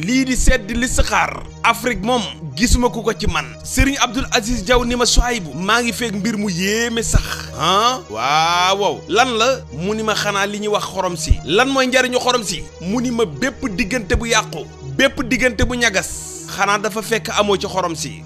lii di sedd li saxaar Afrique moom gisuma ku ko ci man Serigne Abdoul Aziz Diaw ni ma bu maa ngi feeg mbir mu yéeme sax ah waaw lan la mu ni ma xanaa li ñuy wax xorom si lan mooy njariñu xorom si mu ni ma bépp diggante bu yàqu bépp diggante bu ñagas xanaa dafa fekk amoo ci xorom si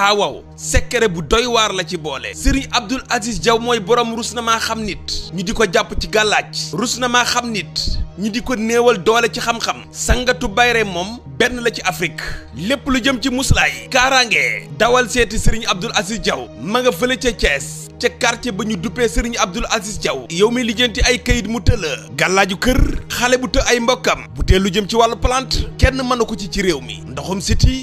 waaw secret bu doy waar la ci boole Serigne Abdoul Aziz Diaw mooy borom rus na maa xam nit ñu di ko jàpp ci gàllaaj rus na maa xam nit ñu di ko néewal doole ci xam-xam sangatu bayre moom benn la ci Afrique lépp lu jëm ci muslaay kaaraange dawal seeti Serigne Abdoul Aziz Diaw ma nga fële ca Thiès ca quartier ba ñu duppee Serigne Abdoul Aziz Diaw yow mi lijjanti ay kayit mu tëla gàllaaju kër xale bu të ay mbokkam bu lu jëm ci wàllu plante kenn mënu ko ci ci réew mi ndoxum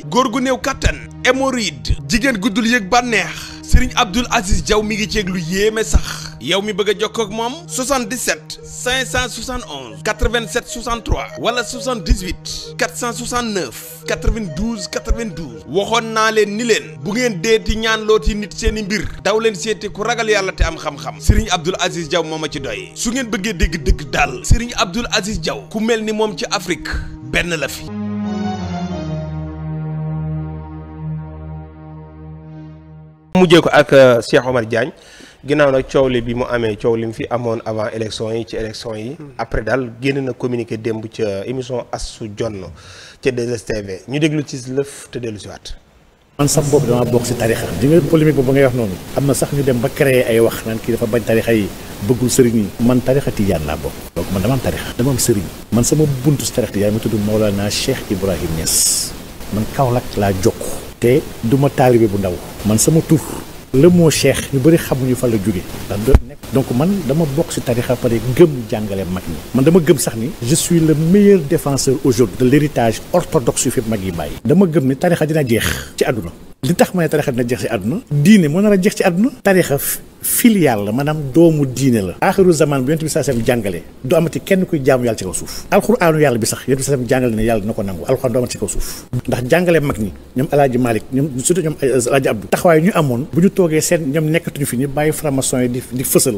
góor gu néew kattan hémorroïde jigéen guddul yëg bànneex Serigne Abdoul Aziz Diaw mi ngi ceeg lu yéeme sax yow mi bëgg a jokkoo ak moom 77 571 87 63 wala 78 469 92 92 waxoon naa leen ni leen bu ngeen deeti ñaan yi nit seeni mbir daw leen seeti ku ragal yàlla te am xam-xam Serigne Abdoul Aziz jaw moom ma ci doy su ngeen bëggee dégg dëgg daal Serigne Abdoul Aziz Diaw ku mel ni moom ci Afrique benn la fi. mujjee ko ak euh, Cheikh Omar Diagne ginnaaw nag coow li bi mu amee coow li mu fi amoon avant élection yi ci élection yi. Hmm. après daal génn na communiqué démb ca émission Astou Dione ca 2STV ñu déglu ci lëf te dellu si waat. man sax boobu dama bokk si tarixa di nga ba boobu ngay wax noonu. am na sax ñu dem ba créer ay wax naan kii dafa bañ tarixa yi bëggul sëriñ yi. man tarixa tijaan laa bokk. donc man dama am tarixa dama am sëriñ. man sama buntu si tarixa tijaan ma tudd Mawlana Cheikh Ibrahim Niass. man Kaolack laa jokk. te du ma taalibe bu ndaw man sama tur la moo cheikh ñu bari xamuñu fa la jóge ndax donc man dama bokk ci tarixa pare gëm jàngale mag ñi man dama gëm sax ni je suis le meilleur défenseur aujourd'hui de l'héritage orthodoxe yu fi mag yi bàyyi dama gëm ni tarixa dina jeex ci àdduna li tax ma ne tarixa dina jeex ci àdduna diine moo nar a jeex ci àdduna tarixa filial la maanaam doomu diine la aaxiru zaman bi yonent bi saasam jàngale du amati kenn kuy jaamu yàlla ci kaw suuf alxuraanu yàlla bi sax yonent bi saasam jàngale ne yàlla na ko nangu alxuraan du amati ci kaw suuf ndax jàngale mag ñi ñoom alaaji Malick ñoom surtout ñoom alaaji Abdou taxawaay ñu amoon bu ñu toogee seen ñoom nekkatuñu fi ñu bàyyi franc-maçon yi di di fësal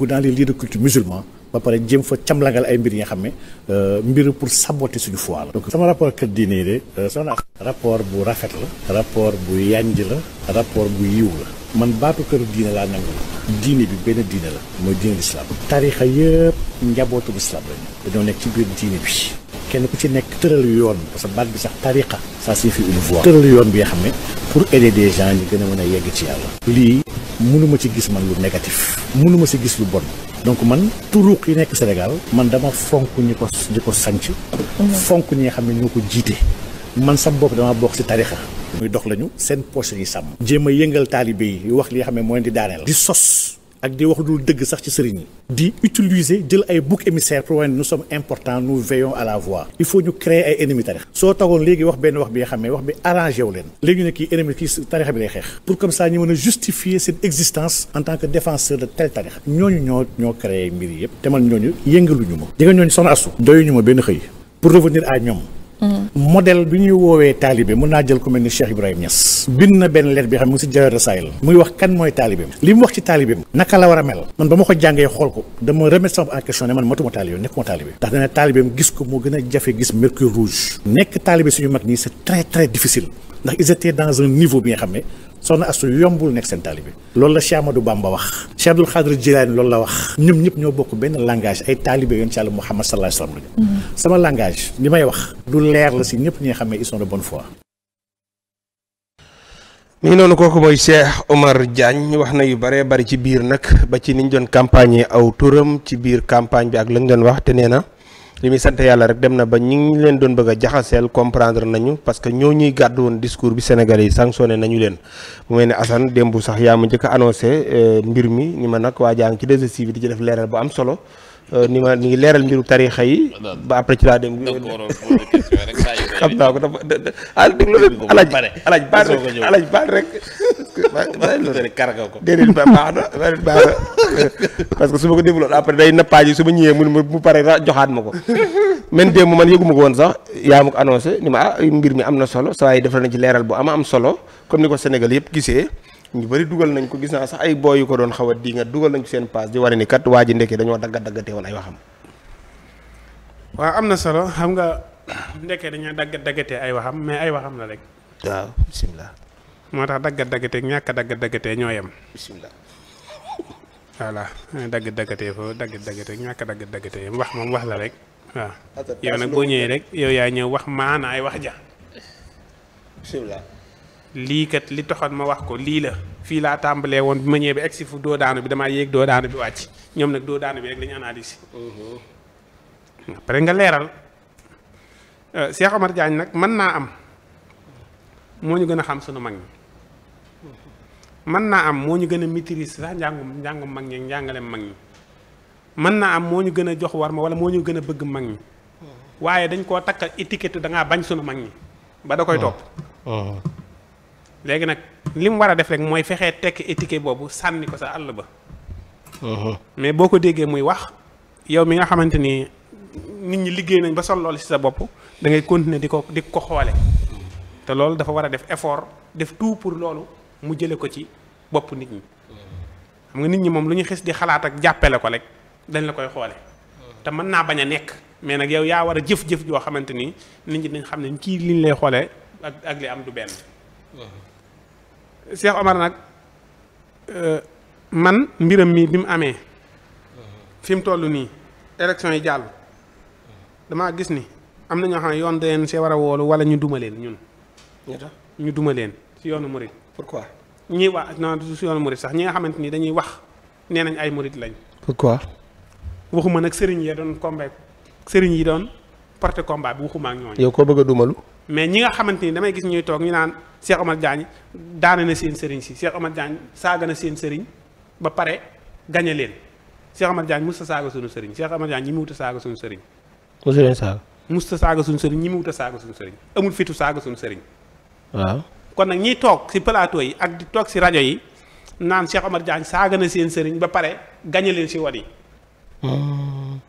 dugg dans les lieux de culte musulmans ba pare jéem fa camlangal ay mbir yi nga xam ne euh, mbir pour saboter suñu foi la. donc sama rapport ak diine yi de euh, sama rapport bu rafet la. rapport bu yanj la. rapport bu yiw la. man baatu këru diine laa nangu diine bi benn diine la mooy diine lislaam tarixa yëpp njabootu lislaam lañu dañoo nekk ci biir diine bi kenn ku ci nekk tëral yoon parce que baat bi sax tarixa ça signifie une voie tëral yoon bi nga xam ne pour aider des gens ñi gën a mën a yegg ci yàlla mënuma ci gis man lu négatif mënuma ci gis lu bon donc man turuq yi nekk Sénégal man dama fonk ñi ko ñi ko sanc fonk ñi nga xam ne ñoo ko jiite man sam bopp dama bokk ci tarixa muy dox lañu seen poche yi sàmm jéem a yëngal taalibe yi wax li nga xam ne mooy di daaneel di sos ak di wax dul dëgg sax ci sëriñ yi di utiliser jël ay bouc émissaire pour wane nous sommes importants nous veillons à la voie il faut ñu créer ay ennemis tarixa soo tagoon léegi wax benn wax bi nga xam ne wax bi arrangé wu leen léegi ñu ne kii ennemi kii tarixa bi lay xeex pour comme ça ñu mën a justifier seen existence en tant que défenseur de tel tarixa ñooñu ñoo ñoo créé mbir yëpp te man ñooñu yëngaluñu ma di nga ñooñu soxna asu doyuñu ma benn xëy pour revenir ñoom modèle bi ñuy woowee taalibe mën naa jël ku mel ni Cheikh Ibrahima Niass bind na benn leer bi xam ne mu ngi si Jawahir Rasaayil muy wax kan mooy taalibeem li mu wax ci taalibeem naka la war a mel man ba ma ko jàngee xool ko dama remettre sama en question ne man matuma taalibe nekkuma taalibe ndax dana taalibeem gis ko moo gën a jafe gis mercure rouge nekk taalibe suñu mag nii c'est très très difficile ndax ils étaient dans un niveau bi nga xam ne soxna astu yombul nekk seen taalibe loolu la Cheikh Amadou Bamba wax Cheikh Abdoul Xaadir Jilaani loolu la wax ñoom ñëpp ñoo bokk benn langage ay taalibe yoon ci Yàlla Muhammad sallallahu alayhi mm-hmm. sama langage li may wax du leer la si ñëpp ñi nga xam ne ils sont de bonne foi ngi noonu kooku mooy Cheikh Omar Diagne wax na yu bëree bëri ci biir nag ba ci niñ doon campagne aw turam ci biir campagne bi ak lañ doon wax te nee na li muy sant yàlla rek dem na ba ñi leen doon bëgg a jaxaseel comprendre nañu parce que ñoo ñuy gàddu woon discours bi sénégal yi sanctionné nañu leen mu mel ne Assane démb sax yaa ma njëkk a annoncé euh, mbir mi ni ma nag waa jaa ngi ci sii bi di ci def leeral bu am solo Euh, ni ma ni ngi leeral mbiru tarixa yi. Ah, ba après ci laa dem. xam naa ko dafa ah déglu rek alaaj alaaj baax na parce que su ma ko dégluwoon après day nappaaji su ma ñëwee mu mu pare joxaat ma ko. man démb man yëgu ma ko woon sax yaa ma ko annoncé ni ma ah mbir mi am na solo saa yi def na ci leeral bu am am solo comme ni ko Sénégal yëpp gisee. ñu bari dugal nañ ko gis naa sax ay booy yu ko doon xaw a di nga dugal nañ ko seen paas di war ni kat waa ji ndekkee dañoo dagga daggate woon ay waxam. waaw am na solo xam nga ndekkee dañoo dagga daggate ay waxam mais ay waxam la rek. waaw bisimilah. moo tax dagga daggate ñàkk a dagga daggate ñoo yem. bisimilah. voilà dagg daggate foofu dagg daggate ñàkk a dagg daggate wax moom wax la rek. waaw yow nag boo ñëwee rek yow yaa ñëw wax maana ay wax ja. lii kat li taxoon ma wax ko lii la fii laa tàmbalee woon bi ma ñëwee ba egsi fu doo daanu bi damaa yéeg doo daanu bi wàcc ñoom nag doo daanu bi rek lañu analyse mm-hmm. après nga leeral euh, Cheikh Omar Diagne nag mën naa am moo ñu gën a xam sunu mag ñi mm-hmm. mën naa am moo ñu gën a maîtriser sax njàngum njàngum mag ñi njàngaleem mag ñi mën naa am moo ñu gën a jox war ma wala moo ñu gën a bëgg mag ñi mm-hmm. waaye dañ koo takkal étiquette dangaa bañ sunu mag ñi ba da koy topp léegi nag li mu war a def rek mooy fexee tekk étiquette boobu sànni ko sa àll ba. Uh-huh. mais boo ko déggee muy wax yow mi nga xamante ni nit ñi liggéey nañ ba sol loolu ci sa bopp da ngay continuer di ko di ko xoole te loolu dafa war a def effort def tout pour loolu mu jële ko ci bopp nit ñi. xam nga nit ñi moom lu ñu xis di xalaat ak jàppale ko rek dañ la koy xoole uh-huh. te mën naa bañ a nekk mais nag yow yaa war a jëf-jëf joo xamante ni nit ñi dañ xam ne kii liñ lay xoolee ak ak li am du benn. Uh-huh. Cheikh Omar nag euh, man mbiram mii bi mu amee fi mu toll nii élection yi jàll damaa gis ni am na ñoo xam ne yoon daleen see war a woolu wala ñu duma leen ñun. ñu duma leen si yoonu pour quoi ñuy wax non si yoonu murit sax ñi nga xamante ni dañuy wax nee nañ ay murit lañ. pour pourquoi. waxuma nag sëriñ yee doon combat sëriñ yi doon porte combat bi waxuma ak ñooñu. yow koo bëgg a dumalu. mais ñi nga xamante ni damay gis ñuy toog ñu naan seex Omar Diagne daane na seen sëriñ si Cheikh Omar Diagne saaga na seen sëriñ ba pare gañe leen Cheikh Omar Diagne musta saaga suñu sëriñ Cheikh Omar Diagne ñi mu wut a saaga suñu sëriñ. musu leen saaga. musta suñu sëriñ ñi mu wut a saaga amul fitu saaga suñu sëriñ. waaw kon nag ñi toog si palaato yi ak di toog si rajo yi naan Cheikh Omar jaañ saaga na seen sëriñ ba pare gañe leen si wan yi. Hmm.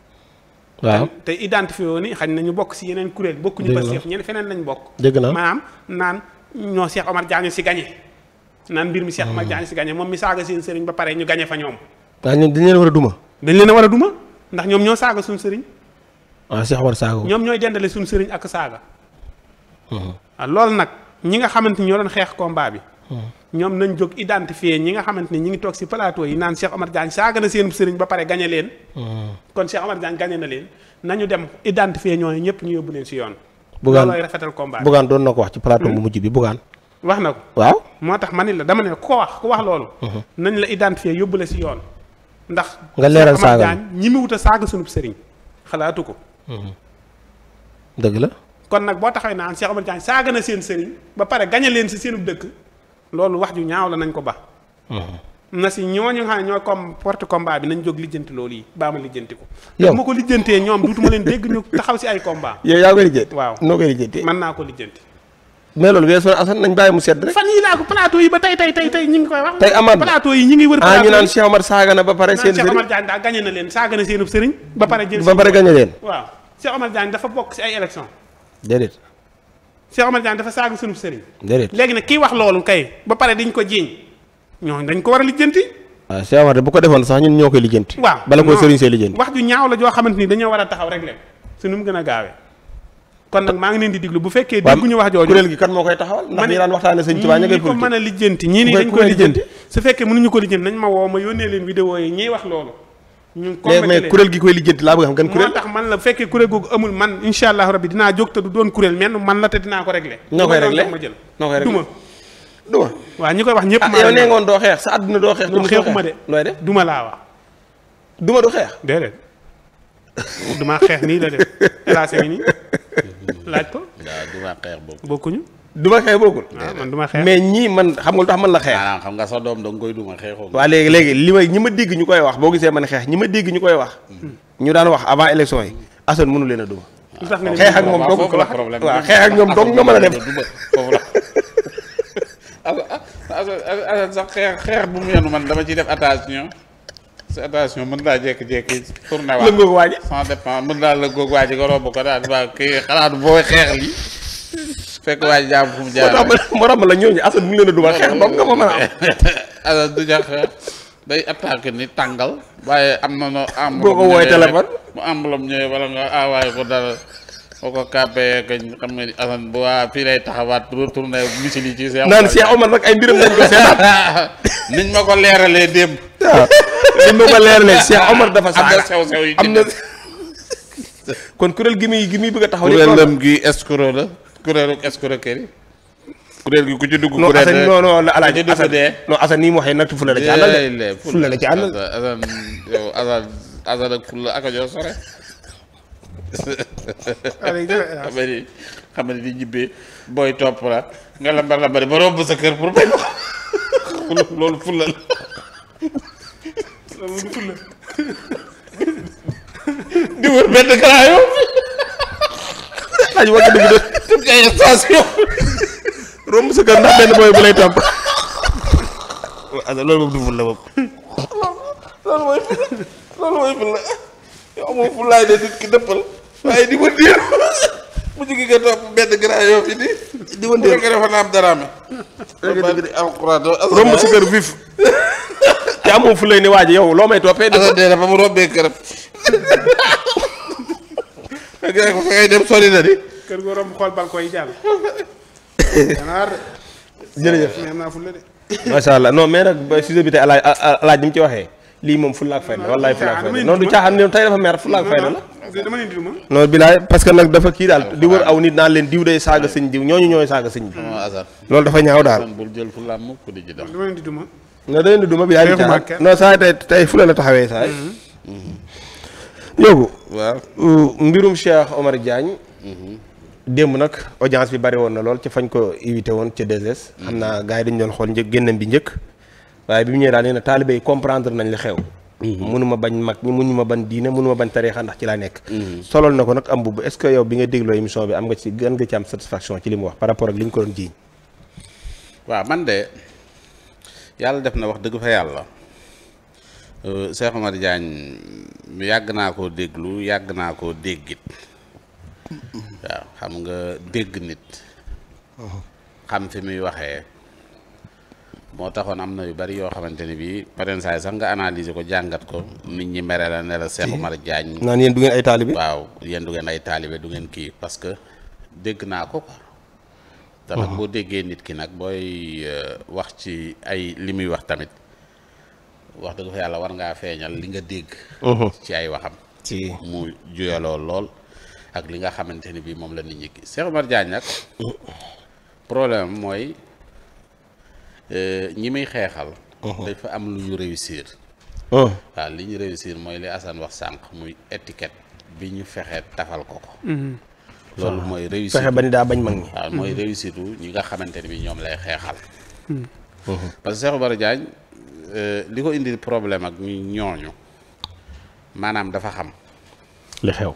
waaw te identifié woon ni xañ nañu bokk si yeneen kuréel bokkuñu Pastef ñeneen feneen lañ bokk dëgg la maanaam naan ñoo Cheikh Omar Diagne si gagné naan mbir mi Cheikh Omar ah. Diagne si gagné moom mi saaga seen sëriñ ba pare ñu gagné fa ñoom waaw ñoom dañ leen war a duma dañ leen war a duma ndax ñoom ñoo saaga suñ sëriñ waaw ah, Cheikh Omar saaga ñoom ñooy dendale suñu sëriñ ak saaga waaw hmm. ah, loolu nag ñi nga xamante ñoo doon xeex combat bi hmm. ñoom nañ jóg identifier ñi nga xamante ni ñi ngi toog si plateau yi naan Cheikh Omar Diagne saaga na seen sëriñ ba pare gañe leen. Hmm. kon Cheikh Omar Diagne gañe na leen nañu dem identifier ñooñu ñëpp ñu yóbbu leen si yoon. bugaan loolooy rafetal combat bugaan ko wax ci plateau hmm? bu mujj bi bugaan. wax na ko waaw moo tax ma ni la dama ne ko wax wax loolu. Hmm. nañ la identifier yóbbu si yoon. ndax nga leeral saaga Cheikh Omar Diagne ñi mu wut a sëriñ xalaatu ko. dëgg la. kon nag boo taxawee naan Cheikh Omar Diagne saaga na seen sëriñ ba pare gañe leen si seenub dëkk loolu wax ju ñaaw la nañ ko ba mhm. na si ñooñu nga xam ne ñoo comme porte combat bi nañ jóg lijjanti loolu yi baa ma lijjanti ko. yow ma ko lijjantee ñoom duutuma leen dégg ñu taxaw si ay combat. yow yaa koy lijjanti waaw noo naa ko lijjanti. mais loolu weesoo asan nañ bàyyi mu sedd rek. fan yii laa ko plateau yi ba tey tey tey tey ñu ngi koy wax. tey amaat plateau yi ñu ngi wër. Ah, plateau yi ñu naan Cheikh Omar saaga na ba pare. seen sëriñ daa gagné na leen saaga na seenub sëriñ. ba pare jël ba pare leen. waaw Cheikh Omar dafa bokk si ay élection Cheikh Omar Diagne dafa saaga sunu sëriñ. déedéet léegi nag kii wax loolu kay ba pare diñ ko jiiñ ñooñu dañ ko war a lijjanti. waaw ah, Cheikh Omar bu ko defoon sax ñun ñoo koy lijjanti. waaw bala ko sëriñ see lijjanti. wax ju ñaaw la joo xamante ni war a taxaw rek leen su nu mu gën a gaawee. leen di diglu bu fekkee dégguñu wax jooju kuréel gi kan moo koy taxawal ndax ñi daan waxtaane sëñ Tuubaa ña ngay ko mën a lijjanti ñii nii dañ ko lijjanti su fekkee mënuñu ko lijjanti nañ ma woo ma yónnee leen vidéo yi ñiy wax loolu ñu combattre mais kuréel gi koy lijjanti laa bëgg xam gan kuréel moo tax man la fekkee kuréel googu amul man incha allah rabbi dinaa jóg te du doon kuréel men man la te dinaa ko réglé. noo koy réglé ma jël duma duma waaw ñi koy wax ñëpp. ah yow doo xeex sa àdduna doo xeex. duma xeexuma de looy de duma laa wax. duma du xeex. déedéet nii la laaj ko. waaw duma xeex bokkuñu. duma xeex bokkul. Ah, eh, man duma xeex mais ñii man xam nga lu tax man la xeex. xam nga sa doom danga koy duma xeexoo. waaw léegi léegi li may ñi ma dégg ñu koy wax boo gisee man xeex ñi ma dégg ñu koy wax. Hmm. ñu daan wax avant élection yi. Assane mënu leen a duma. xeex ak moom dong la problème waaw ak ñoom dong nga mën a dem. foofu la Assane sax xeex xeex bu mu yenu man dama ci def attention. sa attention mën naa jékki-jékki tourné waat. lëngoog waaji sans dépend mën naa lëngoog waaji nga romb ko daal di ba kii xalaat booy xeex li fekk waa jàmm fu mu jaar moo tax ma la ñooñu Assane mu leen a dugal xeex boobu nga ma mën a am. waaye am na no am. boo ko woowee téléphone mu am lom ñëwee wala nga aawaay ko dara boo ko kàppee kañ xam nga ni Assane bu waa fii lay taxawaat retourné misil yi ci. Cheikh Omar naan Cheikh Omar nag ma ko leeralee démb. waaw niñ ma ko leeralee Cheikh Omar dafa. saaga am na sew sew yi am na kon kuréel gi muy gi muy bëgg a taxaw. kuréelam gi escroc la. kuréelu escroquerie kuréel gi ku ci dugg. kuréel rek non non Alaaji Assane non Assane nii mu waxee nag fulla la ci àndal de. fulla la a sore. xam nga di jibbee booy topp la nga lambar lambari ba romb sa kër pour bañ loolu fulla loolu fulla di wër benn la moom loolu mooy waaye di wëndeel mu jigi nga topp benn grand yoo romb sa kër vif te amoo fu lay ne waaji yow loo may toppee dafa mu robbee këram nga ko fa ngay dem soli di kër gu romb xool balcon yi jàll. gannaaw de. jërëjëf mais maa fulla de. allah non mais nag ba sujet bi tey alaaj alaaj ni mu ci waxee lii moom fulla ak fayda wallaay fulla ak fayda non du caaxaan ne tey dafa mer fulla ak fayda la. dama bilaay parce que nag dafa kii daal di wër aw nit naan leen diw day saaga sëñ diw ñooñu ñooy saaga sëñ bi. loolu dafa ñaaw daal. bul jël fulla am ko di ci def. dama leen di duma. non dama leen di duma bi yaa ngi saa tey tey fulla la taxawee saa mm-hmm. yoogu waaw mm, mbirum Cheikh Omar Diagne mm-hmm. démb nag audience bi bari woon na lool ci fañ ko invité woon ca 2S. xam naa gars yi dañu doon xool një génnam bi njëkk waaye bi mu ñëwee daal nee na taalibe yi comprendre nañ li xew. mënuma mhm. bañ mag ñi mënuma bañ diine ma bañ tariixa ndax ci laa nekk. Mhm. solol na ko nag am bubb est-ce que yow bi nga dégloo émission bi am nga ci gan nga ci am satisfaction ci li mu wax par rapport ak li ñu ko doon jiiñ. waaw man de yàlla def na wax dëgg fa yàlla euh, Cheikh yàgg naa koo déglu yàgg naa koo déggit waaw xam nga dégg nit uh-huh. xam fi muy waxee moo taxoon am na yu bari yoo xamante ni bii peut sax nga analise ko jàngat ko nit ñi mere la ne la Cheikh Omar Diagne naan yéen du ngeen ay taalibe waaw yéen du ngeen ay taalibe du ngeen kii parce que dégg naa ko quoi te nag uh-huh. boo déggee nit ki nag booy euh, wax ci ay li muy wax tamit wax dëgg fa yàlla war ngaa feeñal li nga dégg uh-huh. ci ay waxam mu juyaloo lool ak li nga xamante ni bii moom la ni ñi kii Cheikh Omar Diagne nag problème mooy eh, ñi muy xeexal. Uh-huh. dafa am lu ñu réussir. Uh-huh. waaw li ñu réussir mooy li Assane wax sànq muy étiquette bi ñu fexe tafal ko ko. Mm-hmm. loolu mooy réussir fexe ba ni daa bañ mag ñi. waaw mooy mm-hmm. réussir ñi nga xamante ni bii ñoom lay xeexal. Mm-hmm. Uh-huh. parce que Cheikh Omar eh, li ko indi problème ak ñu ñooñu maanaam dafa xam. li xew.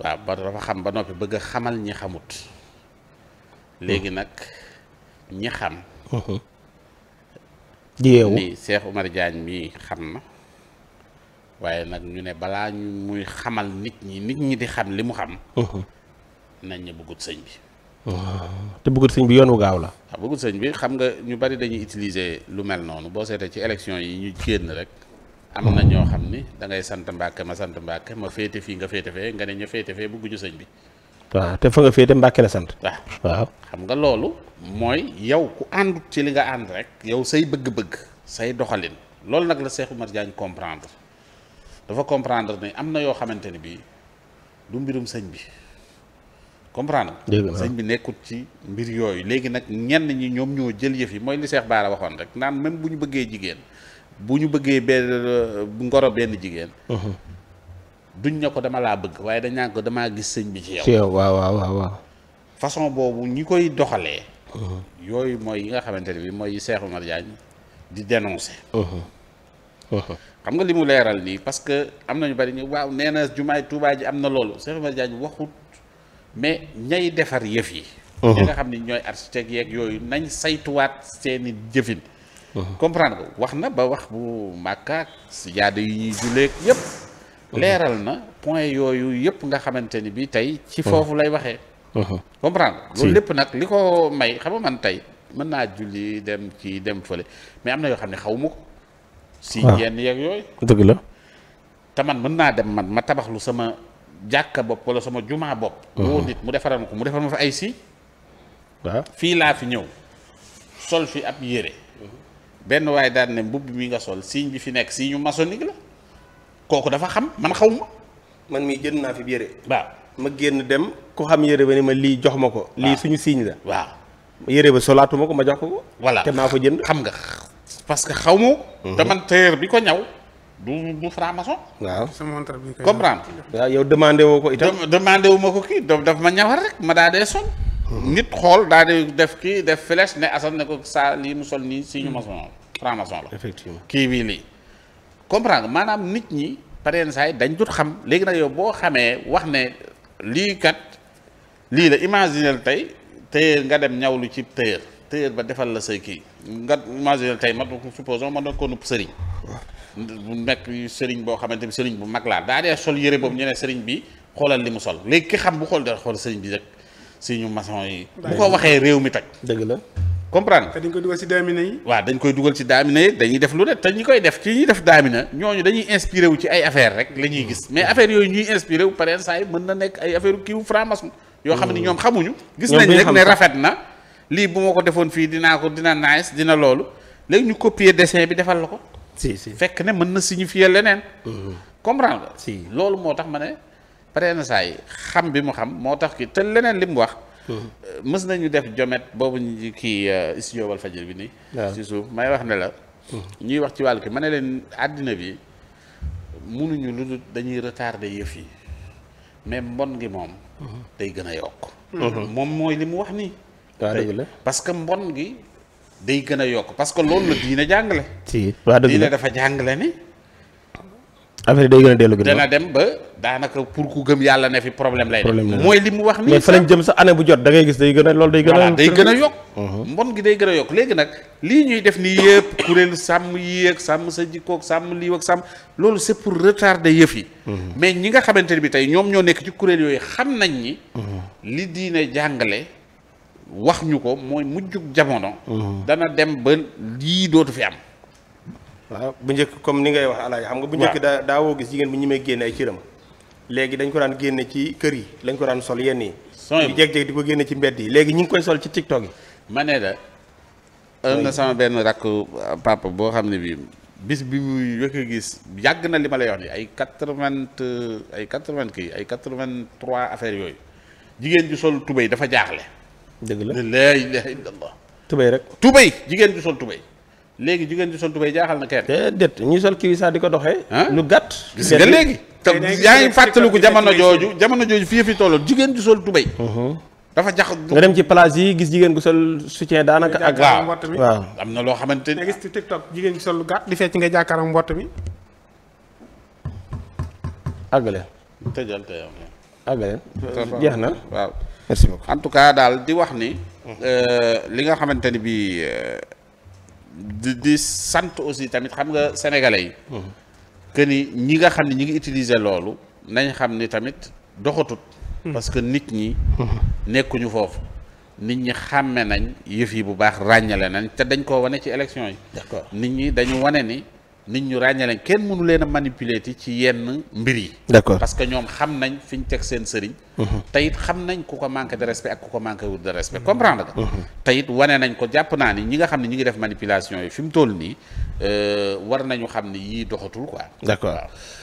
waaw ba dafa xam ba noppi bëgg a xamal ñi xamut léegi hmm. nag ñi xam hmm. di yeewu ni Cheikh Oumar Diagne mii xam na waaye nag ñu ne balaa ñu muy xamal nit ñi nit ñi di xam li mu xam hmm. nañ ñu bëggut sëñ bi te bëggut sëñ bi yoon wu gaaw la waaw ah, bëggut sëñ bi xam nga ñu bari dañuy utiliser lu mel noonu boo seetee ci élection yi ñu génn rek am na ñoo xam ni da ngay sant Mbàkke ma sant Mbàkke ma féete fii nga féete fee nga ne ñu féete fee bëgguñu sëñ bi. waaw te fa nga féete Mbàkke la sant. waaw xam nga loolu. mooy yow ku àndut ci li nga ànd rek. yow say bëgg-bëgg say doxalin loolu nag la Cheikh Oumar Diagne comprendre dafa comprendre ne am na yoo xamante ni bii du mbirum sëñ bi comprendre. sëñ bi nekkut ci mbir yooyu léegi nag ñenn ñi ñoom ñoo jël yëf yi mooy li Cheikh Bara waxoon rek naan même bu ñu bëggee jigéen. bu ñu bëggee benn ngoro benn jigéen. Mhm. duñ na ko dama laa bëgg waaye dañ naan ko damaa gis sëñ bi ci yow. waaw waaw waaw. façon boobu ñi koy doxalee. Mhm. yooyu mooy yi nga xamante ne bii mooy Cheikh Oumar Diagne di dénoncer. Mhm. xam nga li mu leeral nii parce que am na bari waaw nee na jumaay Touba ji am na loolu Cheikh Oumar Diagne waxut mais ñay defar yëf yi. ñi nga xam ni ñooy architecte yeeg yooyu nañ saytuwaat seeni jëfin. Uh-huh. comprendre nga wax na ba wax bu màkkaak sijaada yu ñuy juleeg yépp uh-huh. leeral na point yooyu yépp nga xamante ni bi tey ci uh-huh. foofu lay waxee comprendre nga loolu lépp nag li ko may xam nga man tey mën naa julli dem ci dem fële mais am na yoo xam ne xaw ma ko si ah. yenn yeeg yooyu dëgg la te man mën naa dem man ma tabaxlu sama jàkka bopp wala sama jumaa bopp woo nit mu defaral ko mu defaral ma fa ay si ah. fii laa fi ñëw sol fi ab yére benn waaye daan ne mbubb mi nga sol signe bi fi nekk signe maçonnique la kooku dafa xam man xaw ma. man mii jënd naa fi yére. waaw ma génn dem ku xam yére ba ni ma lii jox ma ko. lii suñu siiñ la. waaw yére ba solaatuma ko ma jox ko ko. voilà te maa ko jënd xam nga. parce que xaw ma ko. Mhm. te man bi ko ñaw. du du franc-maçon. waaw sa montre waaw yow demandé woo ko itam. demandé ko kii daf ma ñawar rek ma daa dee sol. nit xool daal di def kii def flèche ne Assane ne ko saa lii mu sol nii si ñu hmm. maçon franc-maçon la. effectivement kii bii lii. comprendre maanaam nit ñi par exemple dañ jot xam léegi nag yow boo xamee wax ne lii kat lii la imaginer tey téyër nga dem ñawlu ci téyër téyër ba defal la say kii nga imaginer tey ma supposons ma doon ko nupp sëriñ. bu nekk sëriñ boo xamante ni sëriñ bu mag laa daa dee sol yëre boobu ñu sëriñ bi xoolal li mu sol léegi ki xam bu xool da xool sëriñ bi rek. suñu maçon yi. bu ko waxee réew mi toj. dëgg la. comprendre te dañ koy dugal ci daamina yi. waaw dañ koy dugal ci daamina yi dañuy def lu ne te ñi koy def ci ñuy def daamina ñooñu dañuy inspiré wu ci ay affaire rek la ñuy gis mais affaire yooyu ñuy inspiré wu pare saa yi mën na nekk ay affaire kiiw franc-maçon yoo xam ne hmm. ñoom xamuñu. gis nañ rek ne rafet na lii bu ma ko defoon fii dinaa ko dina nice dina loolu léegi ñu copier dessin bi defal la ko. si si fekk ne mën na signifier leneen. Hmm. comprendre si loolu moo tax ne. pare na saa yi xam bi mu xam moo tax ki te leneen li mu wax. Hmm. mës nañu def jomet boobu ñu kii euh, studio Walfadjri bi nii. si suuf may wax ne la. Hmm. ñuy wax ci wàllu ki ma ne leen àddina bi munuñu lu dul dañuy retardé yëf yi mais mbon gi moom. Hmm. day gën a yokk. moom mooy li mu wax nii. waaw la parce que mbon gi day gën a yokk parce que loolu la diine jàngale. si waaw dëgg diine dafa jàngale ni. affaire day gën a dellu ginnaaw dana dem ba daanaka pour ku gëm yàlla ne fi problème lay def mooy li mu wax nii mais fa lañ jëm sa année bu jot da ngay gis day gën a loolu day gën a day a yokk uh-huh. mbon gi day gën a yokk léegi nag lii ñuy def nii yëpp kuréelu sàmm yi ak sàmm sa jikkoog sàmm lii ak sàmm loolu c'est pour retarder yëf yi uh-huh. mais ñi nga xamante ne bi tey ñoom ñoo nekk ci kuréel yooyu xam nañ ni uh-huh. li diine jàngale wax ñu ko mooy mujjug jamono dana dem ba lii dootu fi am waaw bu njëkk comme ni ngay wax alaaji xam nga bu njëkk daa daawoo gis jigéen bu ñu may génne ay cëram léegi dañ ko daan génne ci kër yi lañ ko daan sol yenn yi di jeg-jeg di ko génne ci mbedd yi léegi ñu ngi koy sol ci tiktok yi ma ne la am na sama benn rakk papa boo xam ne bii bis bi muy wëkk gis yàgg na li ma lay wax ni ay quatre-vingt ay quatre-vingt kii ay quatre-vingt-trois affaires yooyu jigéen ju sol tubéy dafa jaaxle dëgg la la tubéy rek tubéy jigéen ju sol tubéy léegi jigéen di sol tubéy jaaxal na kenn. déet ñuy sol kii sax di ko doxee. lu gàtt. gis nga léegi. te yaa ngi fàttaliku jamono jooju jamono jooju fi fi tolloon jigéen di sol tubéy. dafa jax nga dem ci place yi gis jigéen gu sol soutien daanaka ak. waaw am na loo xamante ni. nga gis ci TikTok jigéen gi sol lu gàtt di fecc nga jàkkaaram mbott mi. àggale. tëjal tëjal. jeex na waaw. merci beaucoup en tout daal di wax ni. Euh, li nga xamante ni bii. Euh, di sant aussi tamit xam nga sénégalais yi. que ni ñi nga xam ne ñi ngi utiliser loolu nañ xam ni tamit doxatut. parce que nit ñi. nekkuñu foofu. nit ñi xàmme nañ yëf yi bu baax ràññale nañ te dañ koo wane ci élection yi. d'accord nit ñi dañu wane ni. nit ñu ràññaleen kenn mënu leen a manipuler ti ci yenn mbir yi d'accord parce que ñoom xam nañ fi ñu teg seen sëriñ mhm. te it xam nañ ku ko manque de respect ak ku ko manque wul de respect comprendre nga mhm. te it wane nañ ko jàpp naa ni ñi nga xam ne ñi ngi def manipulation yi fi mu toll nii euh, war nañu xam ne yii doxatul quoi d'accord